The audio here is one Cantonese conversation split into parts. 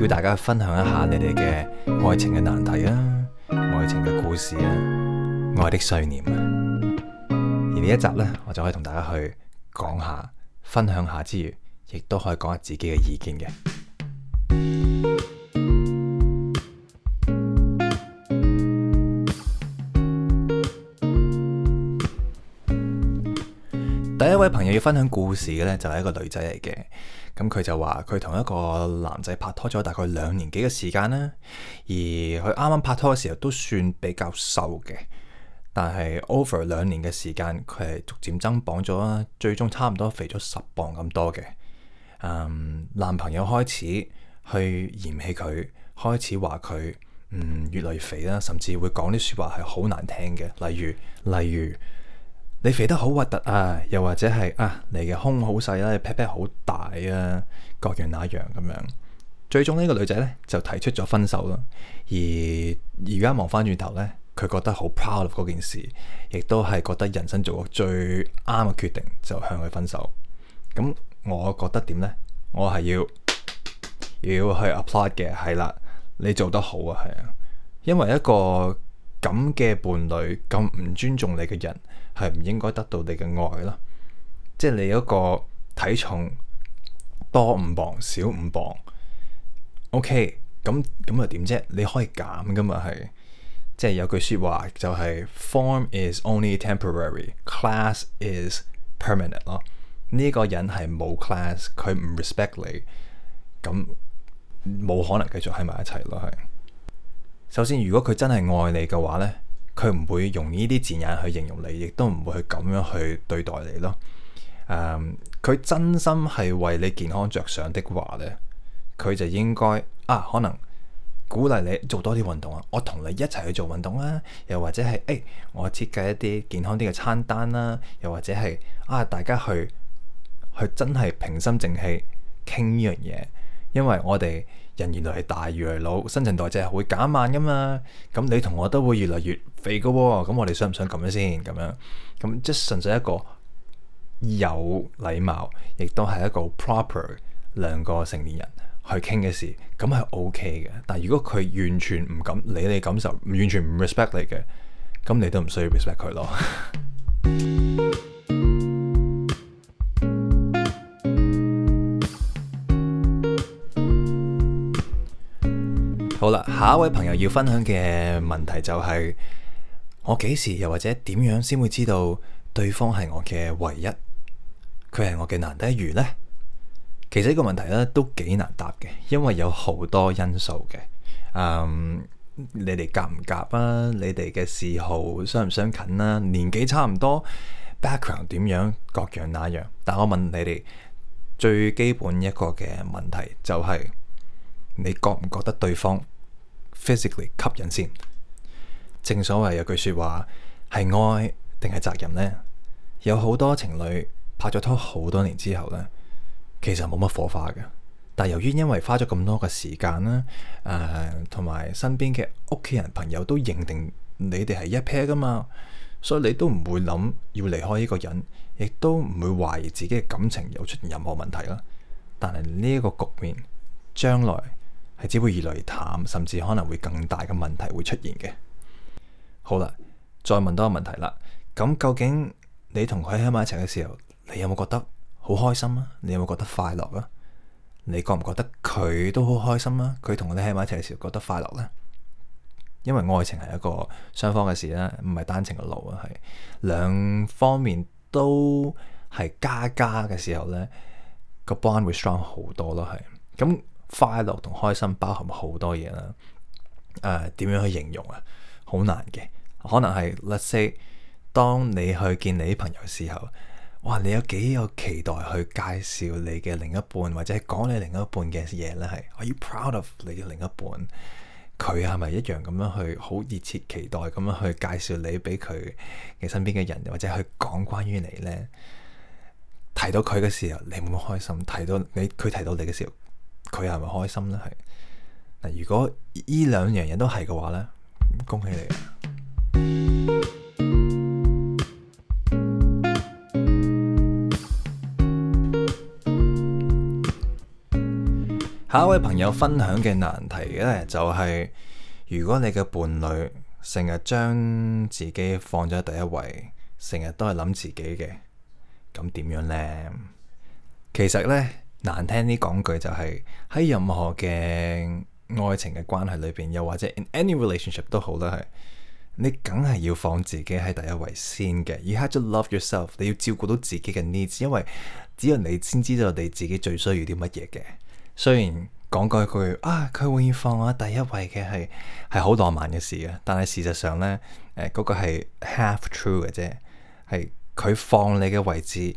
叫大家分享一下你哋嘅愛情嘅難題啊，愛情嘅故事啊，愛的碎念啊。而呢一集呢，我就可以同大家去講下，分享下之餘，亦都可以講下自己嘅意見嘅。你要分享故事嘅咧，就係一個女仔嚟嘅。咁佢就話佢同一個男仔拍拖咗大概兩年幾嘅時間啦。而佢啱啱拍拖嘅時候都算比較瘦嘅，但係 over 兩年嘅時間，佢係逐漸增磅咗啦。最終差唔多肥咗十磅咁多嘅。嗯，um，男朋友開始去嫌棄佢，開始話佢嗯越嚟越肥啦，甚至會講啲說話係好難聽嘅，例如例如。你肥得好核突啊！又或者係啊，你嘅胸好細啦，你屁屁好大啊，各樣那樣咁樣，樣。最終呢個女仔呢，就提出咗分手咯。而而家望翻轉頭呢，佢覺得好 proud of 嗰件事，亦都係覺得人生做過最啱嘅決定，就向佢分手。咁，嗯，我覺得點呢？我係要要去 applaud 嘅，係啦，你做得好啊，係啊，因為一個。咁嘅伴侶咁唔尊重你嘅人，係唔應該得到你嘅愛咯。即係你嗰個體重多五磅少五磅，OK，咁咁又點啫？你可以減噶嘛，係。即係有句説話就係，是，Form is only temporary, class is permanent 咯。呢、這個人係冇 class，佢唔 respect 你，咁冇可能繼續喺埋一齊咯，係。首先，如果佢真係愛你嘅話呢，佢唔會用呢啲字眼去形容你，亦都唔會去咁樣去對待你咯。誒、嗯，佢真心係為你健康着想的話呢，佢就應該啊，可能鼓勵你做多啲運動啊，我同你一齊去做運動啦，又或者係誒、哎，我設計一啲健康啲嘅餐單啦，啊，又或者係啊，大家去去真係平心靜氣傾呢樣嘢，因為我哋。人原來係大魚嚟老，新陳代謝會減慢噶嘛，咁你同我都會越嚟越肥噶喎，咁我哋想唔想咁樣先？咁樣咁即係純粹一個有禮貌，亦都係一個 proper 兩個成年人去傾嘅事，咁係 OK 嘅。但如果佢完全唔理你感受，完全唔 respect 你嘅，咁你都唔需要 respect 佢咯。 好啦，下一位朋友要分享嘅問題就係，我幾時又或者點樣先會知道對方係我嘅唯一？佢係我嘅難得一遇呢？其實呢個問題咧都幾難答嘅，因為有好多因素嘅。嗯，你哋夾唔夾啊？你哋嘅嗜好相唔相近啊？年紀差唔多，background 點樣，各樣那樣。但我問你哋最基本一個嘅問題就係。你覺唔覺得對方 physically 吸引先？正所謂有句說話係愛定係責任呢？有好多情侶拍咗拖好多年之後呢，其實冇乜火花嘅。但由於因為花咗咁多嘅時間啦，誒、呃，同埋身邊嘅屋企人、朋友都認定你哋係一 pair 噶嘛，所以你都唔會諗要離開呢個人，亦都唔會懷疑自己嘅感情有出現任何問題啦。但係呢一個局面將來。係只會越來越淡，甚至可能會更大嘅問題會出現嘅。好啦，再問多個問題啦。咁究竟你同佢喺埋一齊嘅時候，你有冇覺得好開心啊？你有冇覺得快樂啊？你覺唔覺得佢都好開心啊？佢同你喺埋一齊嘅時候覺得快樂咧？因為愛情係一個雙方嘅事啦，唔係單程嘅路啊，係兩方面都係加加嘅時候呢，個 bond 會 strong 好多咯，係咁。快樂同開心包含好多嘢啦，誒、呃，點樣去形容啊？好難嘅，可能係 let's say 當你去見你啲朋友嘅時候，哇，你有幾有期待去介紹你嘅另一半，或者係講你另一半嘅嘢呢？係，Are you proud of 你嘅另一半？佢係咪一樣咁樣去好熱切期待咁樣去介紹你俾佢嘅身邊嘅人，或者去講關於你呢？提到佢嘅時候，你會唔會開心？提到你佢提到你嘅時候？佢係咪開心呢？係嗱，如果依兩樣嘢都係嘅話呢，恭喜你 下一位朋友分享嘅難題咧，就係、是、如果你嘅伴侶成日將自己放咗喺第一位，成日都係諗自己嘅，咁點樣呢？其實呢。難聽啲講句就係、是、喺任何嘅愛情嘅關係裏邊，又或者 in any relationship 都好啦，係你梗係要放自己喺第一位先嘅。You have to love yourself，你要照顧到自己嘅 needs，因為只要你先知道你自己最需要啲乜嘢嘅。雖然講句句啊，佢永遠放我喺第一位嘅係係好浪漫嘅事啊，但係事實上呢，誒、那、嗰個係 half true 嘅啫，係佢放你嘅位置。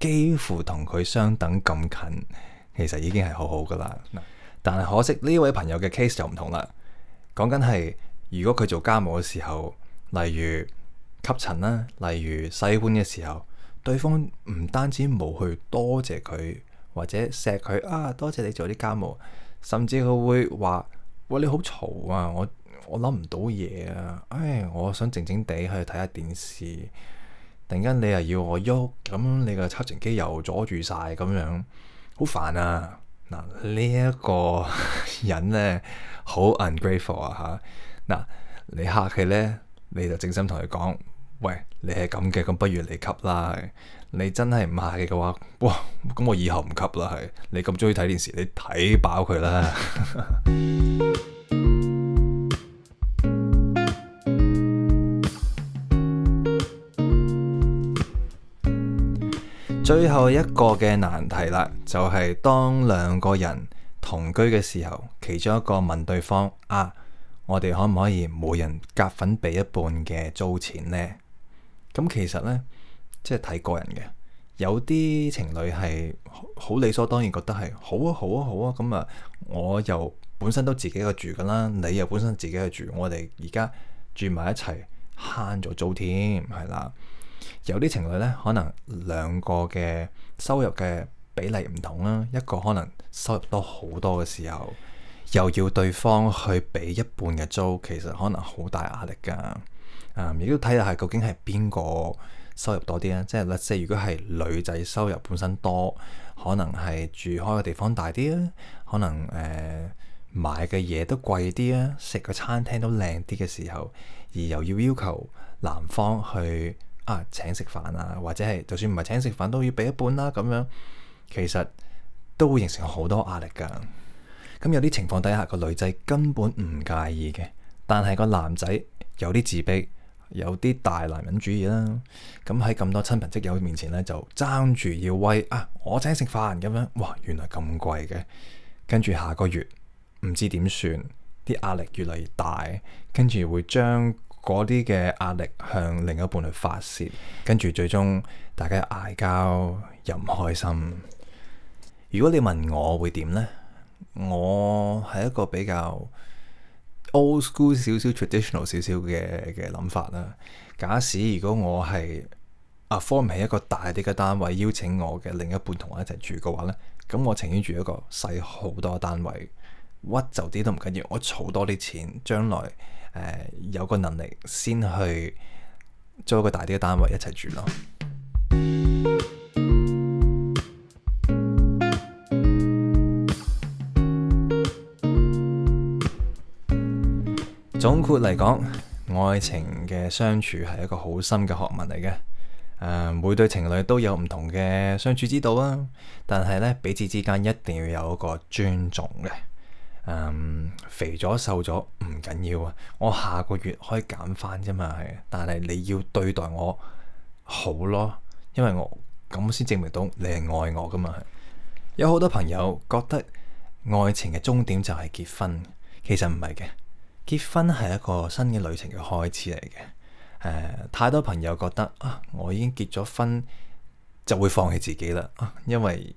幾乎同佢相等咁近，其實已經係好好噶啦。但係可惜呢位朋友嘅 case 就唔同啦。講緊係如果佢做家務嘅時候，例如吸塵啦，例如洗碗嘅時候，對方唔單止冇去多謝佢，或者錫佢啊，多謝你做啲家務，甚至佢會話：喂，你好嘈啊，我我諗唔到嘢啊，唉，我想靜靜地去睇下電視。突然間你又要我喐，咁你個吸塵機又阻住晒咁樣，好煩啊！嗱，呢一個人呢，好 ungrateful 啊吓，嗱，你客氣呢，你就正心同佢講，喂，你係咁嘅，咁不如你吸啦。你真係唔客氣嘅話，哇，咁我以後唔吸啦係，你咁中意睇電視，你睇飽佢啦。 最後一個嘅難題啦，就係當兩個人同居嘅時候，其中一個問對方：啊，我哋可唔可以每人夾份俾一半嘅租錢呢？咁其實呢，即係睇個人嘅。有啲情侶係好理所當然覺得係好啊好啊好啊，咁啊，我又本身都自己去住㗎啦，你又本身自己去住，我哋而家住埋一齊，慳咗租添，係啦。有啲情侶咧，可能兩個嘅收入嘅比例唔同啦、啊。一個可能收入多好多嘅時候，又要對方去俾一半嘅租，其實可能好大壓力噶。啊、嗯，亦都睇下究竟係邊個收入多啲咧、啊。即係，例如如果係女仔收入本身多，可能係住開嘅地方大啲啦、啊，可能誒、呃、買嘅嘢都貴啲啦，食嘅餐廳都靚啲嘅時候，而又要要求男方去。啊！請食飯啊，或者係就算唔係請食飯，都要畀一半啦、啊、咁樣，其實都會形成好多壓力㗎。咁有啲情況底下，個女仔根本唔介意嘅，但係個男仔有啲自卑，有啲大男人主義啦。咁喺咁多親朋戚友面前呢，就爭住要威啊！我請食飯咁樣，哇！原來咁貴嘅，跟住下個月唔知點算，啲壓力越嚟越大，跟住會將嗰啲嘅壓力向另一半去發泄，跟住最終大家又嗌交又唔開心。如果你問我會點呢？我係一個比較 old school 少少、traditional 少少嘅嘅諗法啦。假使如果我係 afford 起一個大啲嘅單位，邀請我嘅另一半同我一齊住嘅話呢，咁我情願住一個細好多單位。屈就啲都唔緊要，我儲多啲錢，將來誒、呃、有個能力先去租一個大啲嘅單位一齊住咯。總括嚟講，愛情嘅相處係一個好深嘅學問嚟嘅。誒、呃，每對情侶都有唔同嘅相處之道啊，但係咧，彼此之間一定要有一個尊重嘅。Um, 肥咗瘦咗唔緊要啊，我下個月可以減翻啫嘛係，但係你要對待我好咯，因為我咁先證明到你係愛我噶嘛。有好多朋友覺得愛情嘅終點就係結婚，其實唔係嘅，結婚係一個新嘅旅程嘅開始嚟嘅。呃，太多朋友覺得啊，我已經結咗婚就會放棄自己啦，啊，因為。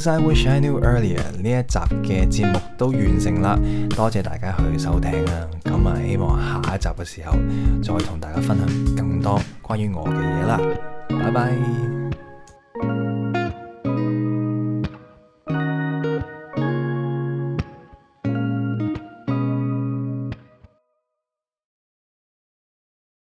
《I Wish I Knew Earlier》呢一集嘅節目都完成嘞，多謝大家去收聽啊！咁啊，希望下一集嘅時候再同大家分享更多關於我嘅嘢啦，拜拜。